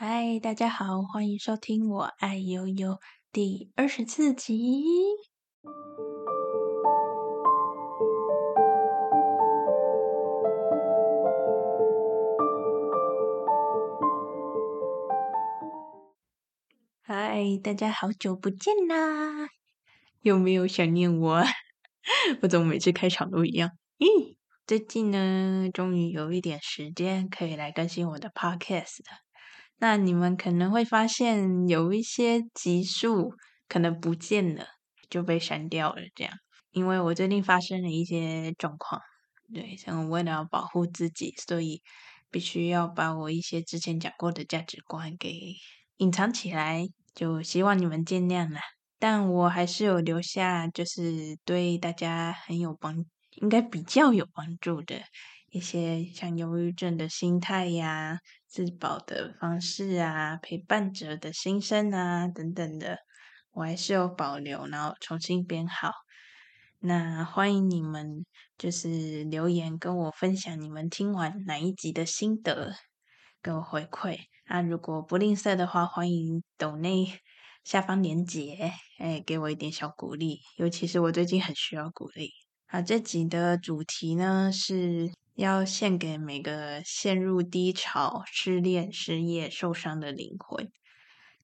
嗨，Hi, 大家好，歡迎收聽我愛憂憂第二十四集。嗨，大家好久不見啦，有沒有想念我？ 我怎麼每次開場都一樣？咦、嗯，最近呢，終於有一點時間可以來更新我的 podcast 了。那你們可能會發現有一些集數可能不見了，就被刪掉了，這樣，因為我最近發生了一些狀況，對，像我為了保護自己，所以必須要把我一些之前講過的價值觀給隱藏起來，就希望你們見諒了。但我還是有留下，就是對大家很有幫，應該比較有幫助的一些，像憂鬱症的心態呀、啊。自保的方式啊，陪伴者的心聲啊，等等的，我還是有保留，然後重新編好。那歡迎你們，就是留言跟我分享你們聽完哪一集的心得，跟我回饋。那如果不吝嗇的話，歡迎抖內下方連結，誒、欸、給我一點小鼓勵，尤其是我最近很需要鼓勵。好，這集的主題呢是。要獻給每個陷入低潮、失戀、失業、受傷的靈魂。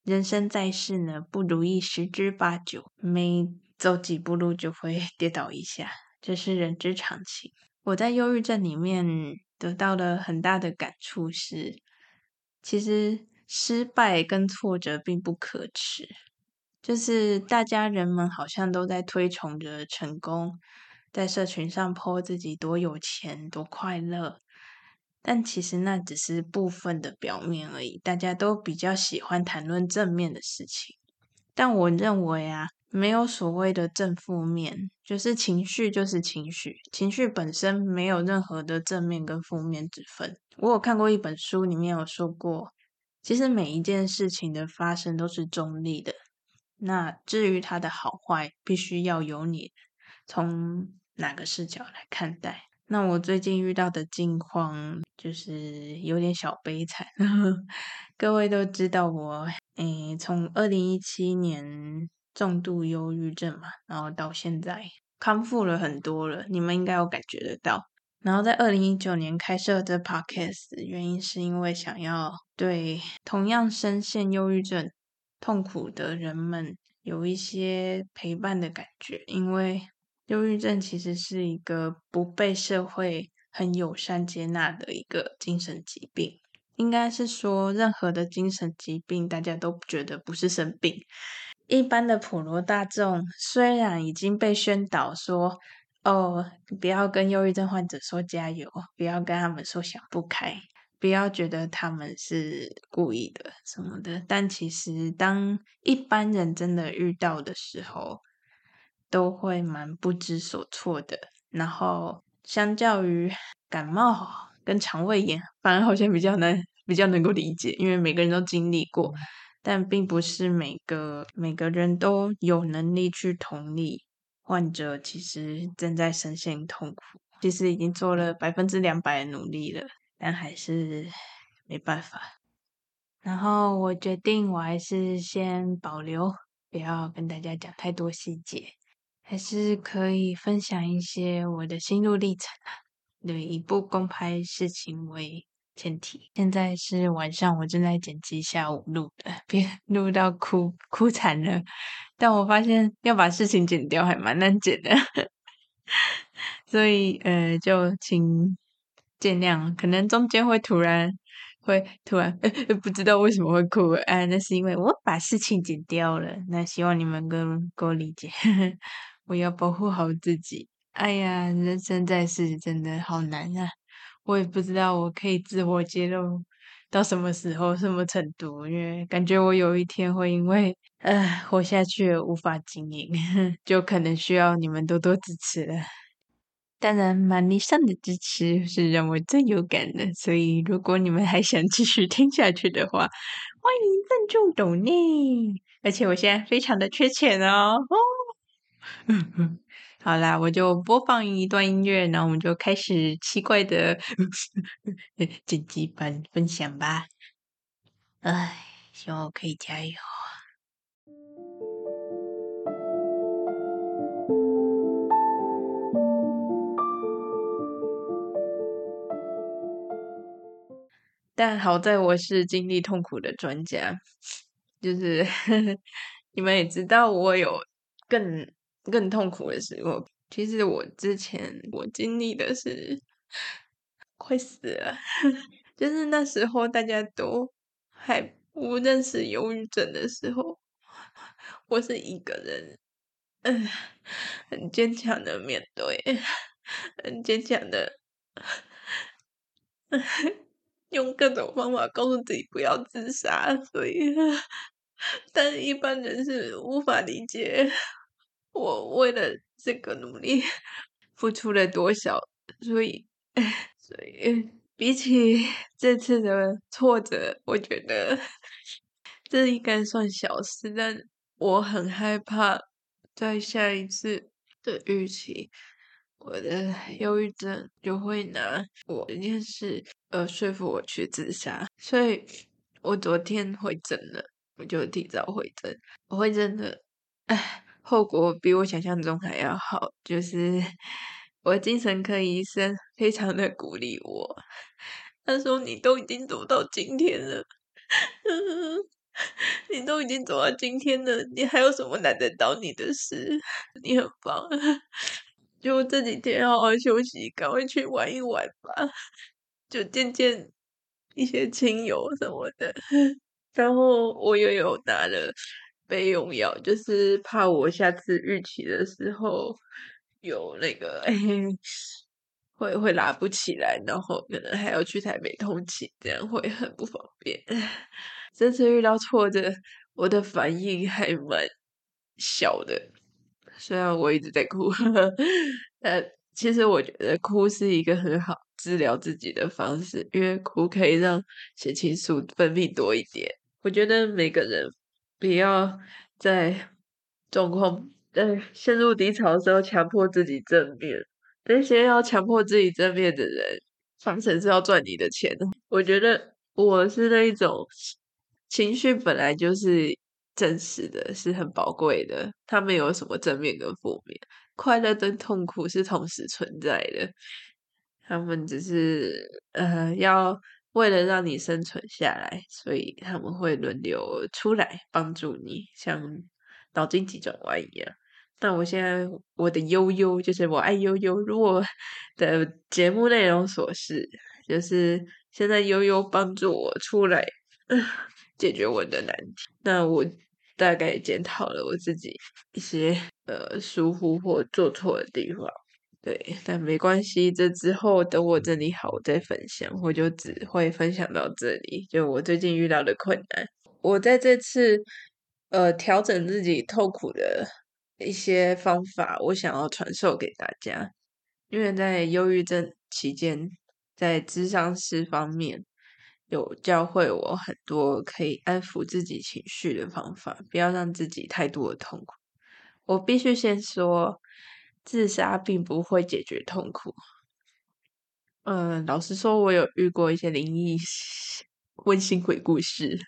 人生在世呢，不如意十之八九，每走幾步路就會跌倒一下，這是人之常情。我在憂鬱症裡面得到了很大的感觸是，其實失敗跟挫折並不可恥，就是大家人們好像都在推崇着成功。在社群上 po 自己多有錢多快樂，但其實那只是部分的表面而已。大家都比較喜歡談論正面的事情，但我認為啊，沒有所謂的正負面，就是情緒就是情緒，情緒本身沒有任何的正面跟負面之分。我有看過一本書，裡面有說過，其實每一件事情的發生都是中立的，那至於它的好壞，必須要有你，從。哪個視角來看待？那我最近遇到的境況就是有點小悲慘。 各位都知道我，嗯，從二零一七年重度憂鬱症嘛，然後到現在康復了很多了，你們應該有感覺得到。然後在二零一九年開設的 Podcast，原因是因為想要對同樣身陷憂鬱症痛苦的人們有一些陪伴的感覺，因為。憂鬱症其實是一個不被社會很友善接納的一個精神疾病，應該是說任何的精神疾病，大家都覺得不是生病。一般的普羅大眾雖然已經被宣導說哦，不要跟憂鬱症患者說加油，不要跟他們說想不開，不要覺得他們是故意的什麼的，但其實當一般人真的遇到的時候，都會蠻不知所措的，然後相較於感冒跟腸胃炎，反而好像比較難比較能夠理解，因為每個人都經歷過，但並不是每個每個人都有能力去同理患者。其實正在深陷痛苦，其實已經做了百分之兩百的努力了，但還是沒辦法。然後我決定，我還是先保留，不要跟大家講太多細節。還是可以分享一些我的心路歷程啊，對，以不公開事情為前提。現在是晚上，我正在剪輯下午錄的，別錄到哭哭慘了。但我發現要把事情剪掉還蠻難剪的，所以呃，就請見諒。可能中間會突然會突然，欸欸，不知道為什麼會哭，哎，啊，那是因為我把事情剪掉了。那希望你們能夠理解。我要保護好自己。哎呀，人生在世真的好難啊！我也不知道我可以自我揭露到什麼時候、什麼程度，因為感覺我有一天會因為唉、呃、活下去無法經營， 就可能需要你們多多支持了。當然 money 上的支持是讓我最有感的，所以如果你們還想繼續聽下去的話，歡迎贊助抖內，而且我現在非常的缺錢哦。嗯嗯， 好啦，我就播放一段音樂，然後我們就開始奇怪的剪輯版分享吧。唉，希望我可以加油。但好在我是經歷痛苦的專家，就是 你們也知道，我有更。更痛苦的是我，我其實我之前我經歷的是快死了，就是那時候大家都還不認識憂鬱症的時候，我是一個人，嗯，很堅強的面對，很堅強的，用各種方法告訴自己不要自殺，所以，但是一般人是無法理解。我為了這個努力付出了多少？所以，所以比起這次的挫折，我覺得這應該算小事。但我很害怕，在下一次的預期，我的憂鬱症就會拿我的這件事而、呃、說服我去自殺。所以，我昨天回診了，我就提早回診。我回診了，唉。後果比我想象中還要好，就是我精神科醫生非常的鼓勵我。他說：“你都已經走到今天了， 你都已經走到今天了，你還有什麼難得倒你的事？你很棒，就這幾天好好休息，趕快去玩一玩吧。就見見一些親友什麼的，然後我又有拿了。”備用藥就是怕我下次預期的時候有那個，會會拉不起來，然後可能還要去台北通勤，這樣會很不方便。這次遇到挫折，我的反應還蠻小的，雖然我一直在哭，呵呵，但其實我覺得哭是一個很好治療自己的方式，因為哭可以讓血清素分泌多一點。我覺得每個人。你要在狀況、在、呃、陷入低潮的時候，強迫自己正面。那些要強迫自己正面的人，反正是要賺你的錢。我覺得我是那一種，情緒本來就是真實的，是很寶貴的。他們有什麼正面跟負面？快樂跟痛苦是同時存在的，他們只是呃要。為了讓你生存下來，所以他們會輪流出來幫助你，像腦筋急轉彎一樣。那我現在，我的憂憂就是我愛憂憂。如果的節目內容所示，就是現在憂憂幫助我出來嗯，解決我的難題。那我大概也檢討了我自己一些呃疏忽或做錯的地方。對，但沒關係。這之後等我整理好，我再分享。我就只會分享到這裡，就我最近遇到的困難。我在這次呃調整自己痛苦的一些方法，我想要傳授給大家。因為在憂鬱症期間，在智商師諮商師方面有教會我很多可以安撫自己情緒的方法，不要讓自己太多的痛苦。我必須先說。自殺並不會解決痛苦。嗯、呃，老實說，我有遇過一些靈異溫馨鬼故事。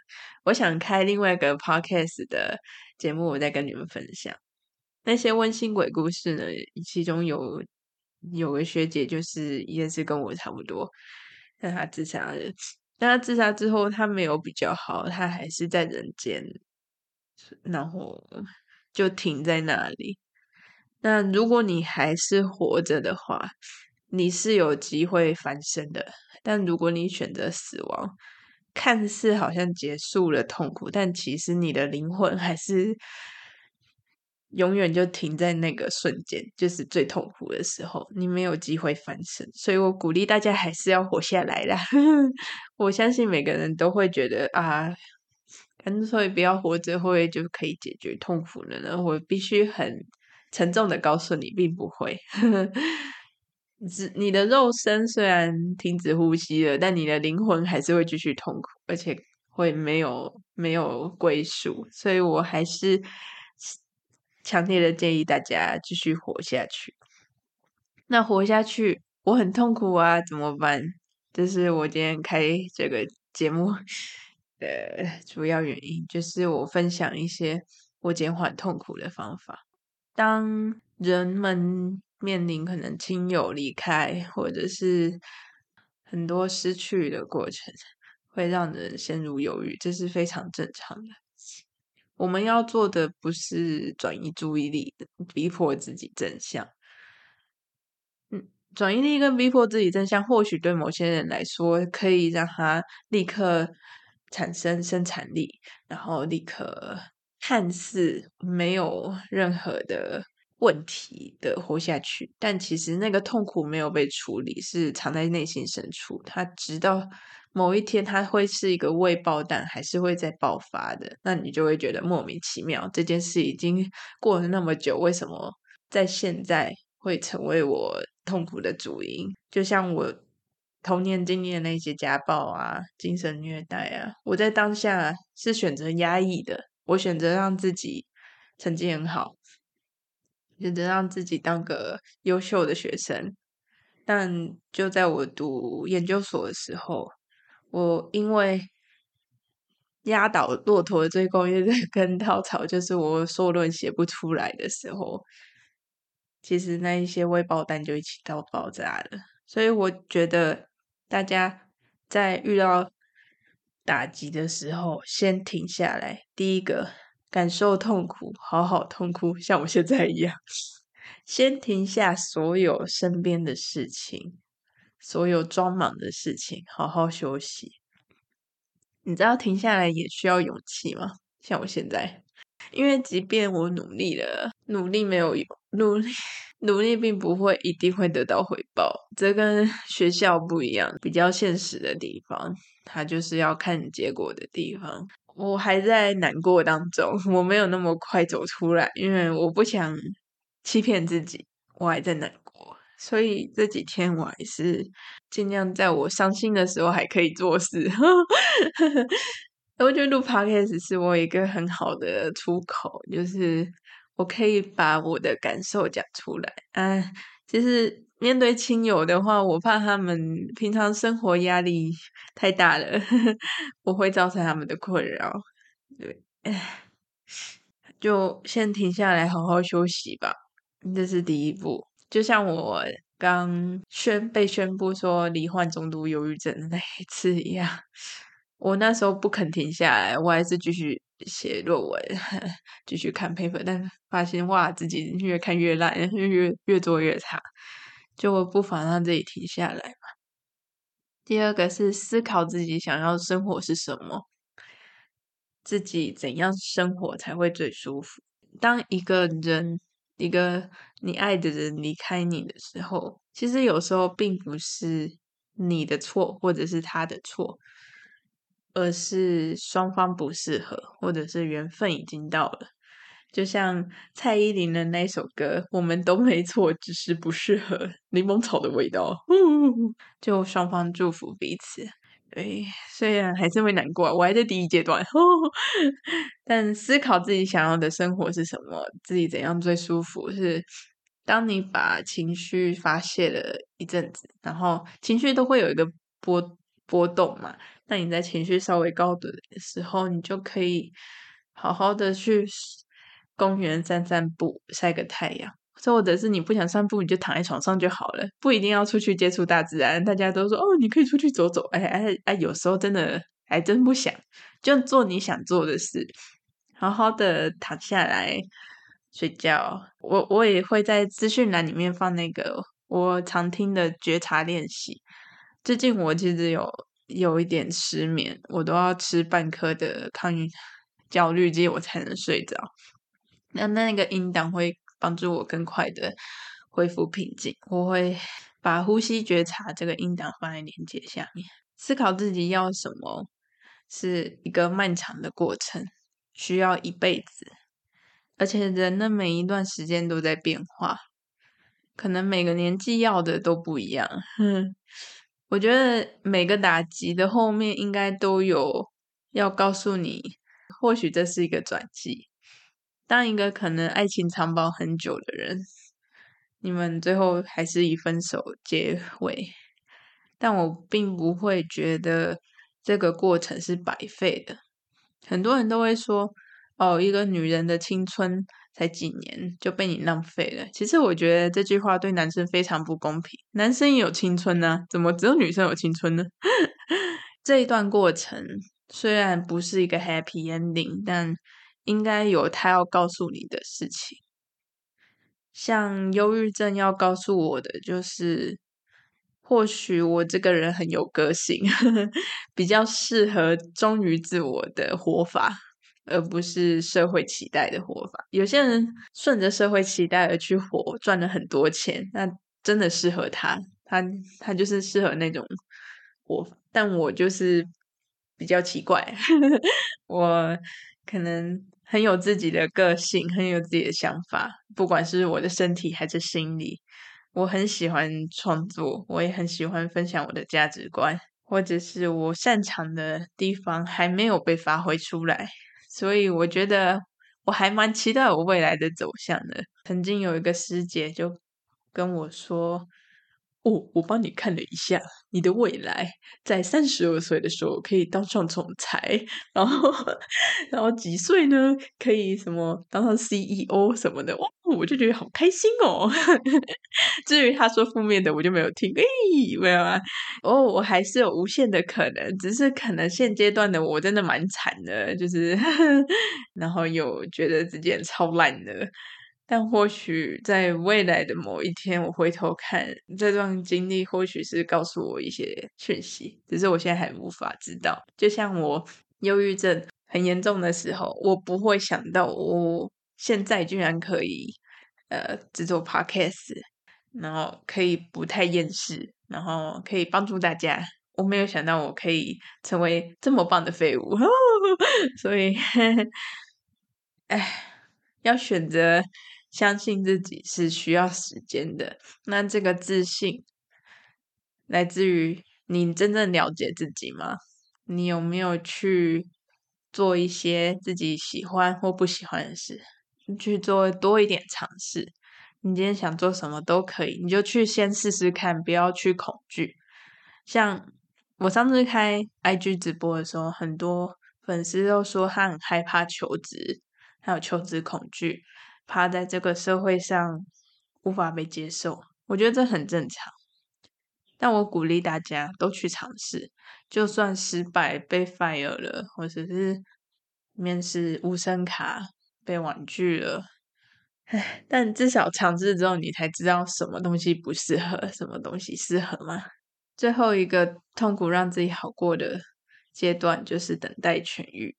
我想開另外一個 podcast 的節目，我再跟你們分享那些溫馨鬼故事呢。其中有有個學姐，就是也是跟我差不多，但她自殺了。但她自殺之後，她沒有比較好，她還是在人間，然後就停在那裡。那如果你還是活着的話，你是有機會翻身的。但如果你選擇死亡，看似好像結束了痛苦，但其實你的靈魂還是永遠就停在那個瞬間，就是最痛苦的時候，你沒有機會翻身。所以我鼓勵大家還是要活下來啦！ 我相信每個人都會覺得啊，乾脆不要活着會就可以解決痛苦了呢。我必須很。沉重的告訴你，並不會。 只你的肉身雖然停止呼吸了，但你的靈魂還是會繼續痛苦，而且會沒有沒有歸屬。所以，我還是強烈的建議大家繼續活下去。那活下去，我很痛苦啊，怎麼辦？這、就是我今天開這個節目的主要原因，就是我分享一些我減緩痛苦的方法。當人們面臨可能親友離開，或者是很多失去的過程，會讓人陷入憂鬱，這是非常正常的。我們要做的不是轉移注意力，逼迫自己正向。嗯，轉移力跟逼迫自己正向，或許對某些人來說，可以讓他立刻產生生產力，然後立刻。看似沒有任何的問題的活下去，但其實那個痛苦沒有被處理，是藏在內心深處。它直到某一天，它會是一個未爆彈，還是會再爆發的。那你就會覺得莫名其妙，這件事已經過了那麼久，為什麼在現在會成為我痛苦的主因？就像我童年經歷的那些家暴啊、精神虐待啊，我在當下是選擇壓抑的。我選擇讓自己成績很好，選擇讓自己當個優秀的學生。但就在我讀研究所的時候，我因為壓倒駱駝的最後一根稻草，就是我碩論寫不出來的時候，其實那一些未爆彈，就一起到爆炸了。所以我覺得大家在遇到打擊的時候，先停下來。第一個，感受痛苦，好好痛哭，像我現在一樣。先停下所有身邊的事情，所有裝忙的事情，好好休息。你知道停下來也需要勇氣嗎？像我現在，因為即便我努力了，努力沒有用，努力。努力並不會一定會得到回報，這跟學校不一樣，比較現實的地方，它就是要看結果的地方。我還在難過當中，我沒有那麼快走出來，因為我不想欺騙自己，我還在難過。所以這幾天我還是盡量在我傷心的時候還可以做事。 我覺得錄 Podcast 是我一個很好的出口，就是。我可以把我的感受講出來。嗯、呃，其實面對親友的話，我怕他們平常生活壓力太大了，呵呵，我會造成他們的困擾。對，唉，就先停下來好好休息吧，這是第一步。就像我剛宣、被宣布說罹患重度憂鬱症的那一次一樣，我那時候不肯停下來，我還是繼續寫論文，繼續看 paper，但是發現哇，自己越看越爛，越越做越差，就不妨讓自己停下來吧。第二個是思考自己想要生活是什麼，自己怎樣生活才會最舒服。當一個人，一個你愛的人離開你的時候，其實有時候並不是你的錯，或者是他的錯。而是雙方不適合，或者是緣分已經到了。就像蔡依林的那首歌，我們都沒錯，只是不適合。檸檬草的味道，呼呼呼，就雙方祝福彼此。誒，雖然還是會難過，我還在第一階段呼呼，但思考自己想要的生活是什麼，自己怎樣最舒服，是當你把情緒發洩了一陣子，然後情緒都會有一個波。波動嘛，那你在情緒稍微高的時候，你就可以好好的去公園散散步，曬個太陽。或者，是你不想散步，你就躺在床上就好了，不一定要出去接觸大自然。大家都說哦，你可以出去走走，哎哎哎，有時候真的還真不想，就做你想做的事，好好的躺下來睡覺。我我也會在資訊欄裡面放那個我常聽的覺察練習。最近我其實有有一點失眠，我都要吃半顆的抗焦慮劑我才能睡着。那那個音檔會幫助我更快的恢復平靜。我會把呼吸覺察這個音檔放在連結下面。思考自己要什麼是一個漫長的過程，需要一輩子。而且人的每一段時間都在變化，可能每個年紀要的都不一樣。呵呵我覺得每個打擊的後面應該都有要告訴你，或許這是一個轉機。當一個可能愛情長跑很久的人，你們最後還是以分手結尾，但我並不會覺得這個過程是白費的。很多人都會說：“哦，一個女人的青春。”才幾年就被你浪費了。其實我覺得這句話對男生非常不公平，男生也有青春呢、啊，怎麼只有女生有青春呢？ 這一段過程雖然不是一個 happy ending，但應該有他要告訴你的事情。像憂鬱症要告訴我的，就是或許我這個人很有個性，呵呵比較適合忠於自我的活法。而不是社會期待的活法。有些人順着社會期待而去活，賺了很多錢，那真的適合他。他他就是適合那種活法。但我就是比較奇怪， 我可能很有自己的個性，很有自己的想法。不管是我的身體還是心理，我很喜歡創作，我也很喜歡分享我的價值觀，或者是我擅長的地方還沒有被發揮出來。所以我覺得我還蠻期待我未來的走向的，曾經有一個師姐就跟我說。哦，我幫你看了一下，你的未來在三十二歲的時候可以當上總裁，然後，然後幾歲呢？可以什麼當上 CEO 什麼的？哦，我就覺得好開心哦。 至於他說負面的，我就沒有聽。哎、欸，沒有啊。哦，我還是有無限的可能，只是可能現階段的我真的蠻慘的，就是然後又覺得自己超爛的。但或許在未來的某一天，我回頭看這段經歷，或許是告訴我一些訊息，只是我現在還無法知道。就像我憂鬱症很嚴重的時候，我不會想到我現在居然可以呃製作 podcast，然後可以不太厭世，然後可以幫助大家。我沒有想到我可以成為這麼棒的廢物， 所以，哎， 要選擇。相信自己是需要時間的。那這個自信，來自於你真正了解自己嗎？你有沒有去做一些自己喜歡或不喜歡的事？去做多一點嘗試。你今天想做什麼都可以，你就去先試試看，不要去恐懼。像我上次開 IG 直播的時候，很多粉絲都說他很害怕求職，還有求職恐懼。趴在這個社會上無法被接受，我覺得這很正常。但我鼓勵大家都去嘗試，就算失敗被 fire 了，或者是面試無聲卡被婉拒了，哎，但至少嘗試之後，你才知道什麼東西不適合，什麼東西適合嘛。最後一個痛苦讓自己好過的階段就是等待痊癒。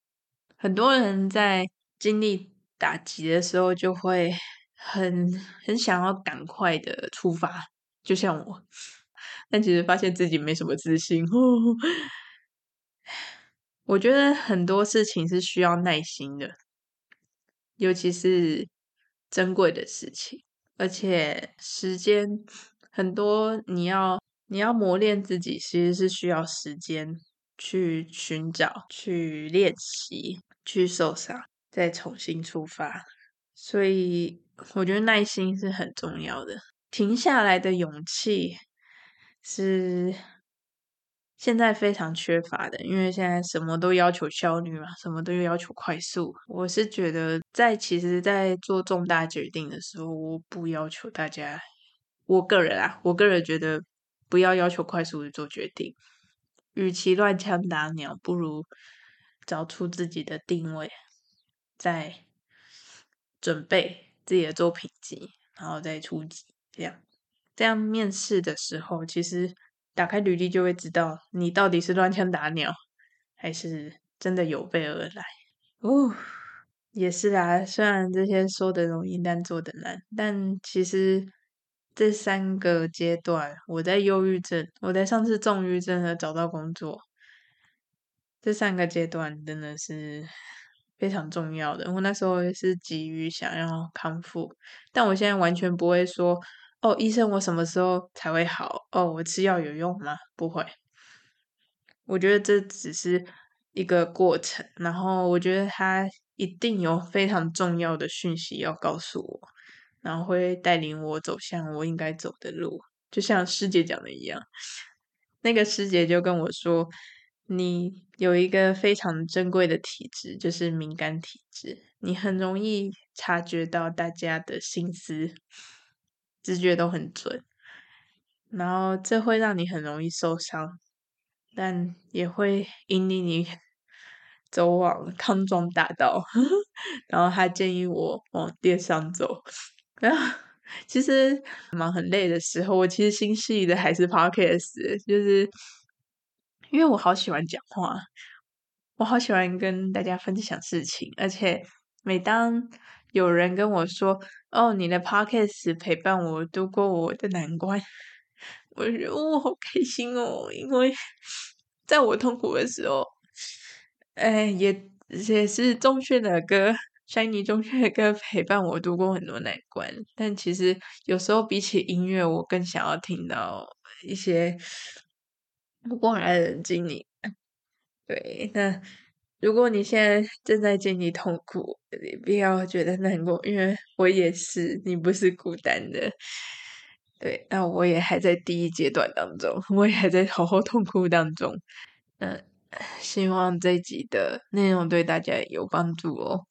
很多人在經歷。打擊的時候就會很很想要趕快的出發，就像我，但其實發現自己沒什麼自信，呵呵。我覺得很多事情是需要耐心的，尤其是珍貴的事情，而且時間很多，你要你要磨練自己，其實是需要時間去尋找、去練習、去受傷，再重新出發，所以我覺得耐心是很重要的。停下來的勇氣是現在非常缺乏的，因為現在什麼都要求效率嘛，什麼都要求快速。我是覺得，在其實，在做重大決定的時候，我不要求大家。我個人啊，我個人覺得不要要求快速的做決定。與其亂槍打鳥，不如找出自己的定位。在準備自己的作品集，然後再出擊。這樣這樣面試的時候，其實打開履歷就會知道你到底是亂槍打鳥，還是真的有備而來。哦，也是啊，雖然這些說的容易，但做的難。但其實這三個階段，我在憂鬱症，我在上次重鬱症和找到工作，這三個階段真的是。非常重要的。我那時候也是急於想要康復，但我現在完全不會說：“哦，醫生，我什麼時候才會好？哦，我吃藥有用嗎？”不會。我覺得這只是一個過程，然後我覺得他一定有非常重要的訊息要告訴我，然後會帶領我走向我應該走的路。就像師姐講的一樣，那個師姐就跟我說。你有一個非常珍貴的體質，就是敏感體質，你很容易察覺到大家的心思，直覺都很準，然後這會讓你很容易受傷，但也會引領你走往康莊大道。 然後他建議我往電商走，然後其實忙很累的時候，我其實心繫的還是 Podcast 就是。因為我好喜歡講話，我好喜歡跟大家分享事情，而且每當有人跟我說“哦，你的 Podcast 陪伴我度過我的難關”，我覺得我、哦、好開心哦，因為在我痛苦的時候，哎、欸，也也是中學的歌，山尼中學的歌陪伴我度過很多難關。但其實有時候比起音樂，我更想要聽到一些。不過來人經歷，對。那如果你現在正在經歷痛苦，你不要覺得難過，因為我也是，你不是孤單的。對，那我也還在第一階段當中，我也還在好好痛苦當中。嗯，希望這集的內容對大家有幫助哦。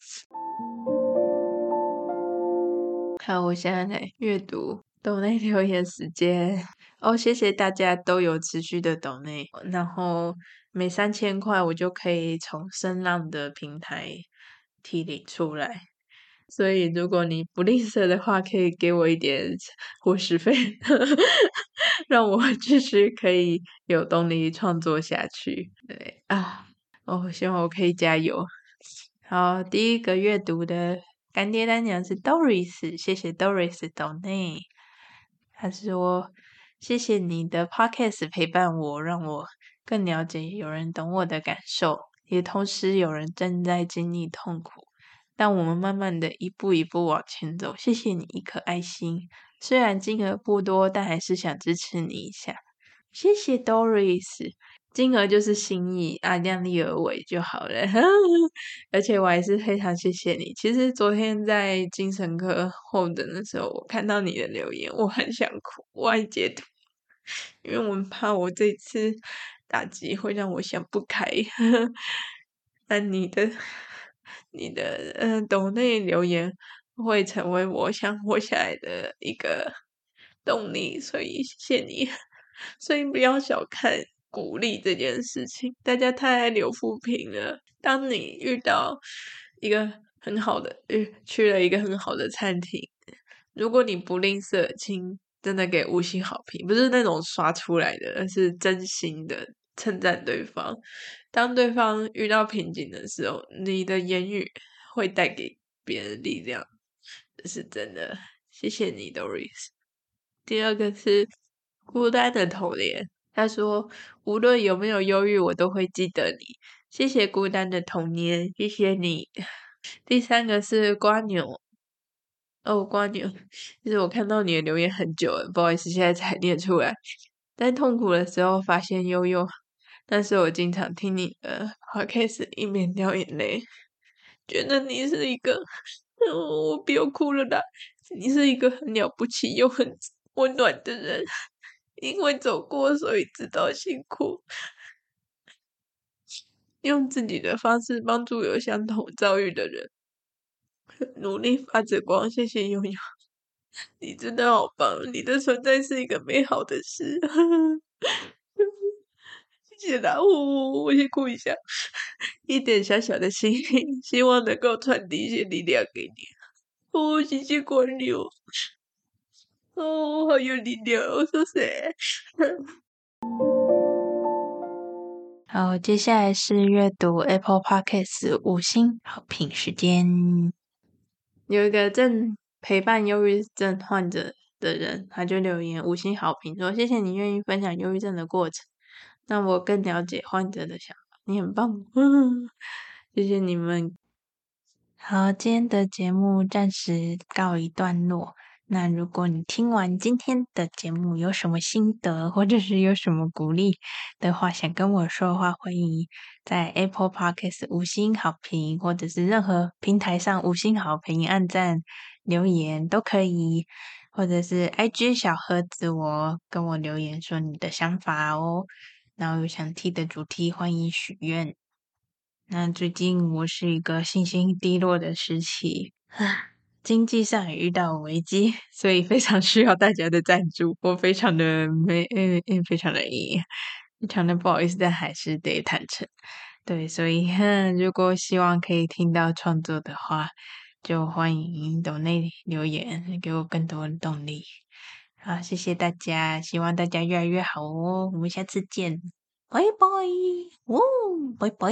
好，我現在來閱讀。斗內留言時間哦，oh, 謝謝大家都有持續的斗內，然後每三千塊我就可以從聲浪的平台提領出來，所以如果你不吝嗇的話，可以給我一點伙食費，讓我繼續可以有動力創作下去。對啊，哦、oh,，希望我可以加油。好，第一個閱讀的乾爹乾娘是 Doris，謝謝 Doris 斗內。他說，謝謝你的 Podcast 陪伴我，讓我更了解有人懂我的感受，也同時有人正在經歷痛苦，但我們慢慢的一步一步往前走。謝謝你一顆愛心，雖然金額不多，但還是想支持你一下。謝謝 Doris。金額就是心意啊，量力而為就好了呵呵。而且我還是非常謝謝你。其實昨天在精神科候診的那時候，我看到你的留言，我很想哭，我還截圖，因為我怕我這次打擊會讓我想不開。呵呵。那你的、你的嗯，斗內留言會成為我想活下來的一個動力，所以謝謝你。所以不要小看。鼓勵這件事情，大家太愛留負評了。當你遇到一個很好的，去了一個很好的餐廳，如果你不吝嗇，請真的給五星好評，不是那種刷出來的，而是真心的稱讚對方。當對方遇到瓶頸的時候，你的言語會帶給別人力量，這是真的。謝謝你，Doris。第二個是孤單的童年。他說：“無論有沒有憂鬱，我都會記得你。謝謝孤單的童年，謝謝你。”第三個是蝸牛哦，蝸牛，就是我看到你的留言很久了，不好意思，現在才念出來。但痛苦的時候發現憂憂，但是我經常聽你的 podcast，呃，一邊掉眼淚，覺得你是一個，呃、我不要哭了啦，你是一個很了不起又很溫暖的人。因為走過，所以知道辛苦。用自己的方式幫助有相同遭遇的人，努力發着光。謝謝憂憂，你真的好棒，你的存在是一個美好的事。呵呵謝謝啦，我我先哭一下，一點小小的心意，希望能夠傳遞一些力量給你。我謝謝光臨哦，oh, 好有力量，我是誰 好，接下來是閱讀 Apple Podcast 五星好評時間。有一個正陪伴憂鬱症患者的人，他就留言五星好評說：“謝謝你願意分享憂鬱症的過程，讓我更了解患者的想法，你很棒。”嗯，謝謝你們。好，今天的節目暫時告一段落。那如果你聽完今天的節目有什麼心得，或者是有什麼鼓勵的話，想跟我說的話，歡迎在 Apple Podcast 五星好評，或者是任何平台上五星好評、按讚、留言都可以，或者是 IG 小盒子、哦，我跟我留言說你的想法哦。然後有想聽的主題，歡迎許願。那最近我是一個信心低落的時期啊。經濟上也遇到危機，所以非常需要大家的贊助。我非常的沒嗯嗯，非常的意，非常的不好意思，但還是得坦誠。對，所以、嗯、如果希望可以聽到創作的話，就歡迎斗內留言，給我更多的動力。好，謝謝大家，希望大家越來越好哦。我們下次見，拜拜，哦，拜拜。